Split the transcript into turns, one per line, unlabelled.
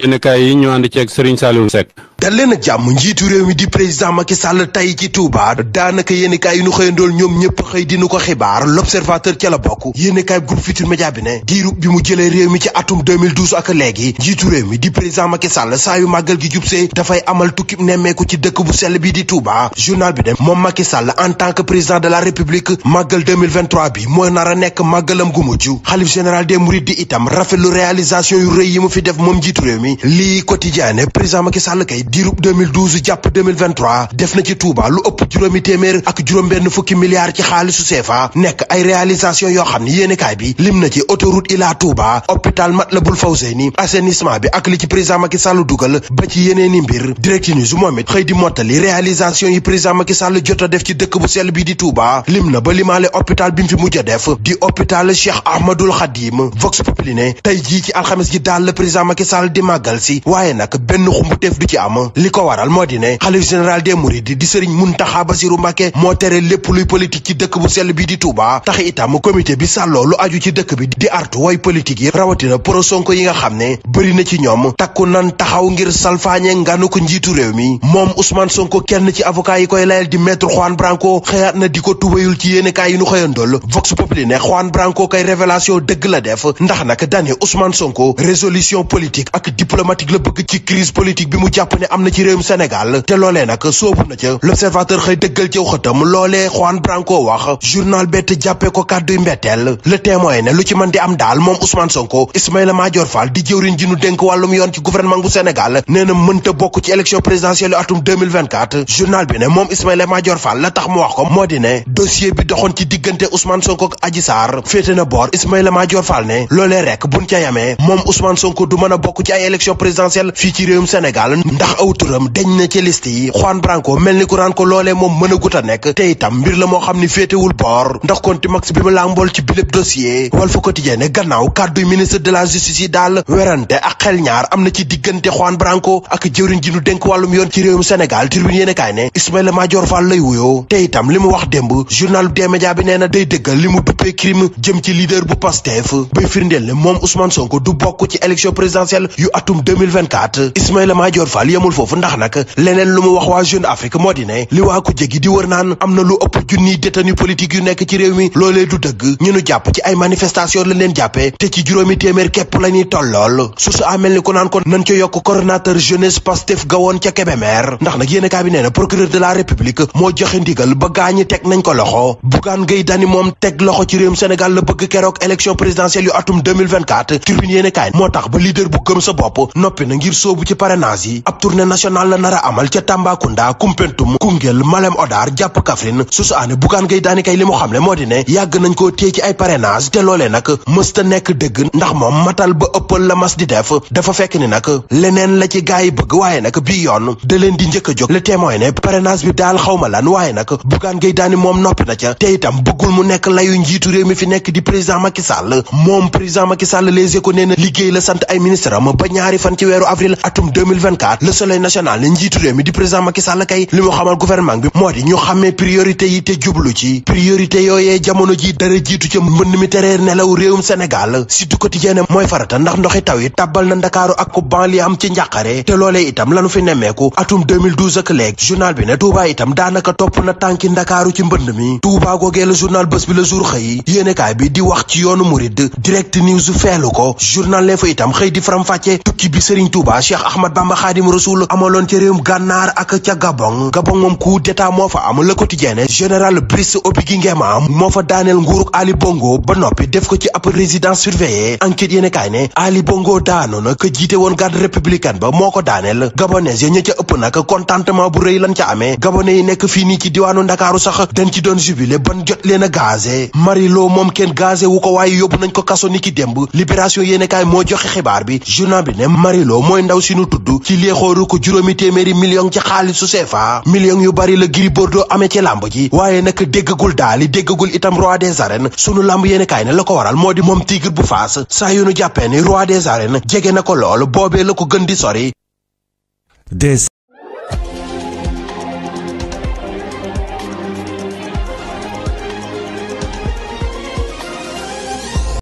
yenn kaay yi ñu ànd ceeg Serigne Saliou Seck dalleen ak jàmm njiitu réew mi di président Macky Sall tey ci Touba daanaka yéenekaay yi nu xëyandool ñoom ñëpp xëy dina ko xibaar l'observateur ca la bokk yéenekaay groupe Futurs Médias bi ne diirub bi mu jëlee réew mi ci atum 2012 ak léegi njiitu réew mi di président Macky Sall saa yu màggal gi jubsee dafay amal tukkib nemmeeku ci dëkk bu sell bi di Touba journal bi ne moom Macky Sall en tant que président de la République màggal 2023 bi mooy nar a nekk màggalam gu mujj xalif général des mourides di itam rafetlu réalisation yu rëy yi mu fi def moom njiitu réew mi lii quotidien président Macky Sall kay diirub 2012 jàpp 2023 def na ci Touba lu ëpp juróomi téeméer ak juróom-benn fukki milliards ci xaalisu CFA nekk ay réalisation yoo xam ni yéenekaay bi lim na ci autoroute Ila Touba hôpital Matlaboul Fawzeyni assainissement bi ak li ci président Macky Sall dugal ba ci yeneeni mbir Direct News moom it xëy di mottali réalisation yi président Macky Sall jot a def ci dëkk bu sell bi di Touba lim na ba limaale hôpital bi mu fi mujj a def di hôpital Cheikh Ahmadul Khadim Vox Populi tey jii ci alxames ji daal la président Macky Sall di màggal si waaye nag benn xumbuteef du am jàmm li ko waral moo di ne xalif général des mourides di sëriñ Muntaxa Basiru Mbàkke moo tere lépp luy politique ci dëkk bu sell bi di Touba tax itam comité bi sàlloo lu aju ci dëkk bi di artu way politique yi rawatina pro Sonko yi nga xam ne bëri na ci ñoom takku nan taxaw ngir salfaañe nganu ko njiitu réew mi moom Ousmane Sonko kenn ci avocat yi koy layal di maître Juan Branco xëyaat na di ko tubayul ci yéenekaay yi nu xëyandool Vox Populi ne Juan Branco kay révélation dëgg la def ndax nag dane Ousmane Sonko résolution politique ak am na ci réewum Sénégal te loolee nag soobu na ca l'observateur xëy dëggal ci xëtam loolee an Branco wax journal bett jàppee ko kàdduy mbetteel le témoin ne lu ci mën di am daal moom Ousmane Sonko Ismaïla Madior Fall di jëwriñ ji nu dénk wàllum yoon ci gouvernement bu Sénégal nee na mënta bokk ci élection présidentielle atum 2024 journal bi ne moom Ismaïla Madior Fall la tax mu wax ko moo di ne dossier bi doxoon ci diggante Ousmane Sonko ak Adji Sarr féete na boor Ismaïla Madior Fall ne loolee rek buñ ca yamee moom Ousmane Sonko du mën a bokk ci ay élection présidentielle fii ci réewum Sénégal ndax aw turam dañ na ci liste yi Juan Branco mel ni ku naan ko loolee moom mën a gut a nekk te itam mbir la moo xam ni féetewul boor ndax konti max bi mu làmbool ci biléb dossier Walf Quotidien ne gannaaw kàdduy ministre de la justice yi daal werante ak xel ñaar am na ci diggante Juan Branco ak jëwriñ ji nu denk wàllum yoon ci réewum Sénégal tribune yéene kaay ne Ismaïla Madior Fall lay wuyoo te itam li mu wax démb journal des médias bi nee na day dëggal li mu duppee crime jëm ci leader bu Pastef bay firndeel ne moom Ousmane du bokk ci élection présidentielle yu atum 2024 Ismaïla yemul foofu ndax nag leneen lu mu wax waa Jeune Afrique moo di ne li waa ku jégi di wër naan am na lu ëpp junniy détenu politique yu nekk ci réew mi loolee du dëgg ñu nu jàpp ci ay manifestation lañ leen jàppee te ci juróomi téeméer képp la ñuy tollool sursu amel ni ku naan ko nañ ca yokk coordonnateur jeunesse Pastef gawoon ca Kébémer ndax nag yéen kaa bi nee procureur de la république moo joxe ndigal ba gaañi teg nañ ko loxo Bougane Gueye Dany moom teg journée nationale la nar a amal ca Tambacounda Koumpentoum Koungheul Malem Hodar jàpp Kaffrine susu aane Bougane Gueye kay li mu xamle moo di ne yàgg nañ koo téye ci ay parrainage te moom matal di def dafa la ci a jóg le témoin ne parrainage bi daal xawma lan waaye nag Bougane Gueye Dany moom noppi na ca te itam bëggul mu nekk layu njiitu réew fi nekk di président Macky moom président Macky Sall les la sant ay ministre ba ñaari fan ci weeru avril atum soleil national ne njiitu réew mi di président Macky Sall kay li mu xamal gouvernement bi moo di ñu xamee priorité yi te jublu ci priorité yooyee jamono ji dara jiitu ca mbënn mi teree nelaw réewum Sénégal surtout quotidien mooy farata ndax ndoxi taw yi tàbbal na ndakaaru ak ku banlieue am ci njàqare te loolee itam lanu fi nemmeeku atum 2012 ak léegi journal bi ne Touba itam daanaka topp na tànki ndakaaru ci mbënd mi Touba googee la journal bés bi la jour xëy yéenekaay bi di wax ci ko journal lee fa itam di faram-fàcce tukki bi Serigne Touba Cheikh Ahmad Rasoul amaloon ca réewum gànnaar ak ca Gabon Gabon moom coup d'état moo fa am Le Quotidien général Brice Oligui Nguema moo fa daaneel nguuruk Ali ba noppi def ko ci ab résidence surveillée enquête yéen kaay ne Ali Bongo ka jiite woon garde républicaine ba moo ko daaneel gabonais ya ña ca ëpp nag contentement bu rëy lan ca amee gabonais yi nekk fii nii ci diwaanu Ndakaaru sax dañ ci doon jubilé ban jot leen a gazé Marilo moom kenn gazé wu ko waaye yóbbu nañ ko kaso ni ki démb Libération yéen kaay moo joxe xibaar bi bi ne mooy ndaw si nu tudd dóoru ko juróomi téeméeri million ci xaalisu CFA million yu bari la Gris Bordeaux amee ci làmb ji waaye nag déggagul daali déggagul itam roi des arènes sunu làmb yéen kaay ne la ko waral moo di moom tigre bu faas saa yu nu jàppee ni roi des arènes jege na ko lool boobee la ko gën di sori